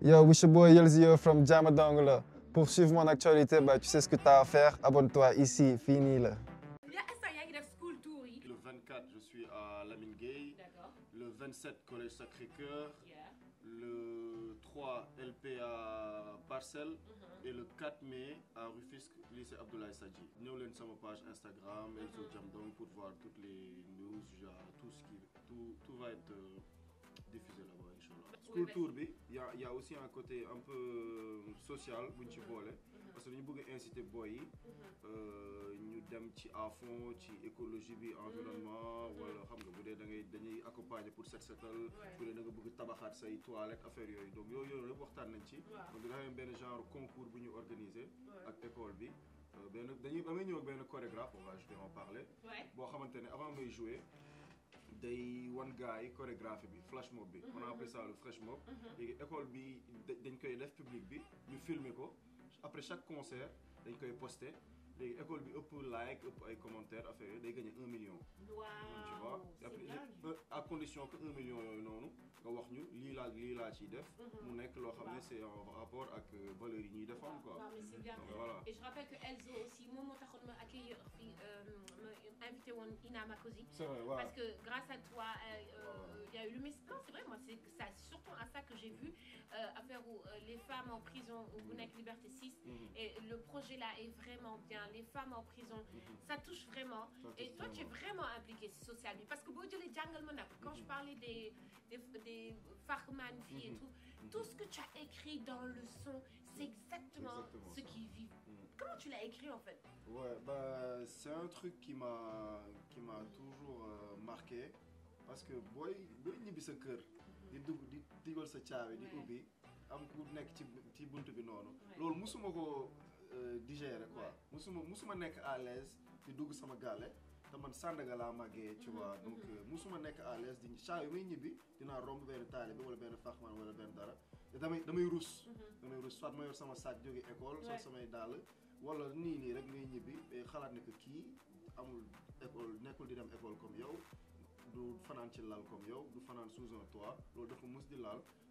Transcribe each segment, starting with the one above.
Yo, wish your boy Yelzio from Jamadongla. Pour suivre mon actualité, bah, tu sais ce que tu as à faire. Abonne-toi ici, fini là. Le 24, je suis à Lamine Gay. Le 27, Collège Sacré-Cœur. Yeah. Le 3, LP à Et le 4 mai, à Rufisque, lycée Abdoulaye Sadi. Nous allons sur ma page Instagram, uh-huh. Elzo mm Jamdong, pour voir toutes les news, genre, tout ce qui. Tout, tout va être. Euh, diffuser là-bas, Inch'Allah. School Tour, il y a, y a aussi un côté un peu euh, social, mm -hmm. parce que nous voulons inciter les boys, nous sommes à fond, ci écologie, bi, mhm. environnement, ou alors nous accompagner pour cette settle, pour les gens tabac, sa toilettes, affaire. Donc, nous avons un genre concours pour nous organiser avec l'école. Ben, euh, dañuy amé ñëw ben chorégraphe on va je en parler bo xamantene avant de jouer day wan guy, chorégraphe chorégraphie bi flash mob bi. Mhm. on appelé ça le flash mob. Mhm. Et école bi dañ koy def public bi ñu filmer ko après chaque concert dañ koy poster léegi école bi ëpp like ëpp ay commentaires affaire yooyu day gagné un million que 1 million nga mhm. c'est en rapport avec euh, yi quoi. et je rappelle que ont aussi euh, ma invité Ina parce que grâce à toi euh, il y a eu le message c'est vrai moi c'est ça surtout à ça que j'ai vu. Euh, les femmes en prison au que mm-hmm. Liberté 6. Mm-hmm. Et le projet là est vraiment bien. Les femmes en prison, mm-hmm. ça touche vraiment. Et toi, tu es vraiment impliqué socialement. Parce que quand je parlais des, des, filles et tout, tout ce que tu as écrit dans le son, c'est exactement, ce qu'ils vivent. Comment tu l'as écrit en fait Ouais, bah, c'est un truc qui m'a Qui m'a toujours euh, marqué. parce que boy boy ni sa di di sa di am ku nekk ci ci bunt bi noonu loolu musuma ko euh, digérer ko musuma musuma nekk à l'aise di dugg sama gaale te man Sandaga laa màggee tu vois mm-hmm. donc euh, musuma nekk à l'aise di saa yu may ñibbi dinaa romb benn taalibe wala benn faxman wala benn dara te damay damay rus mm-hmm. rus soit ma yor sama sac jóge école sol samay dàll wala nii nii rek ngay ñibbi xalaat ne que kii amul école nekkul di dem école comme yow du fanaan ci lal comme yow du fanaan sous un toit loolu dafa di laal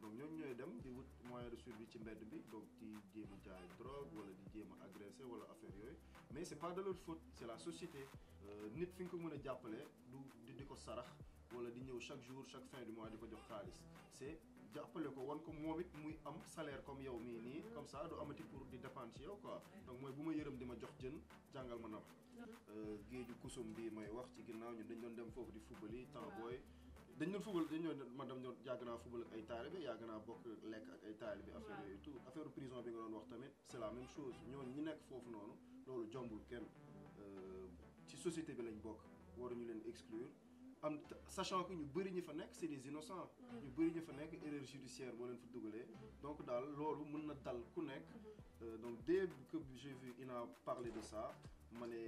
donc ñooñu ñooy dem di wut moyen de survie ci mbedd bi donc di jéem a jaay drogue wala di jéem a agressé wala affaire yooyu mais c' est pas de leur faute c' est la société euh, nit fi nga ko mën a jàppale du di ko sarax wala di ñëw chaque jour chaque fin du mois di ko jox xaalis c' est jàppale ko wan ko moom it muy am salaire comme yow mii nii comme ça du amati pour di dépendre ci yow quoi donc mooy bu ma yërëm di ma jox jën jàngal ma napp euh, géeju kusum bi may wax ci ginnaaw ñu dañ doon dem foofu di fubali temps booy dañ doon football dañ madame, man dam doon yàgg football ak ay taalibe yàgg naa bokk lek ak ay taalibe affaire yu tout affaire prison bi nga doon wax tamit c'est la même chose ñooñu ñi nek fofu nonu lolu jombul kenn euh, ci société bi lañ bokk ñu leen exclure am sachant que ñu bëri ñi fa nek c'est des innocents mm. ñu bëri ñi fa nek erreur judiciaire mo leen fa dougalé mm. donc dal lolu mën na dal ku nek mm-hmm. euh, donc dès que j'ai vu Ina parler de ça mané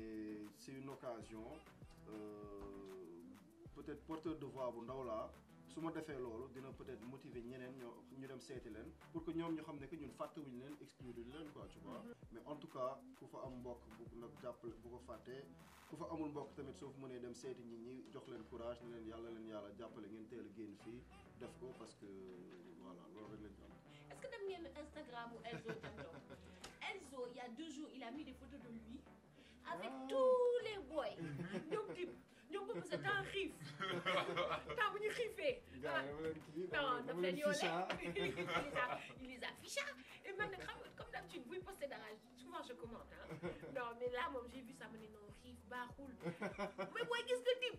c'est une occasion euh, peut porteur de voix bu motiver pour que mais en tout cas fa am bu bu ko fa amul courage ne leen yàlla leen yàlla parce que voilà est-ce que Instagram ou Elzo Elzo il y a deux jours il a mis des photos de lui. Ah. avec tous les boys Nyongo, vous êtes un riff. T'as voulu riffer. Non, le plaignolet. Il les affiche. Et maintenant, comme d'habitude, vous postez dans la. Souvent, je commande. Hein. Non, mais là, moi, j'ai vu ça mener non riff, bah, roule. Mais moi, qu'est-ce que tu dis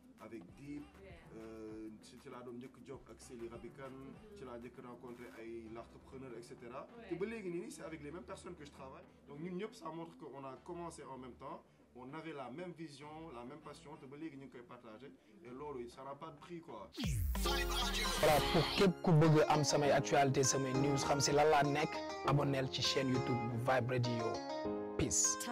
avec Deep tu euh, ci donne que job jokk ak Sely Rabikan ci laa njëkk rencontré ay l'entrepreneur et cetera te c'est avec les mêmes personnes que je travaille donc nous, ça montre qu'on a commencé en même temps on avait la même vision la même passion te ba léegi ñu partagé et l'eau, ça n'a pas de prix quoi. voilà pour que vous bëgg am samay actualité samay news xam la nec, Abonnez-vous à la chaîne YouTube vibre Radio peace.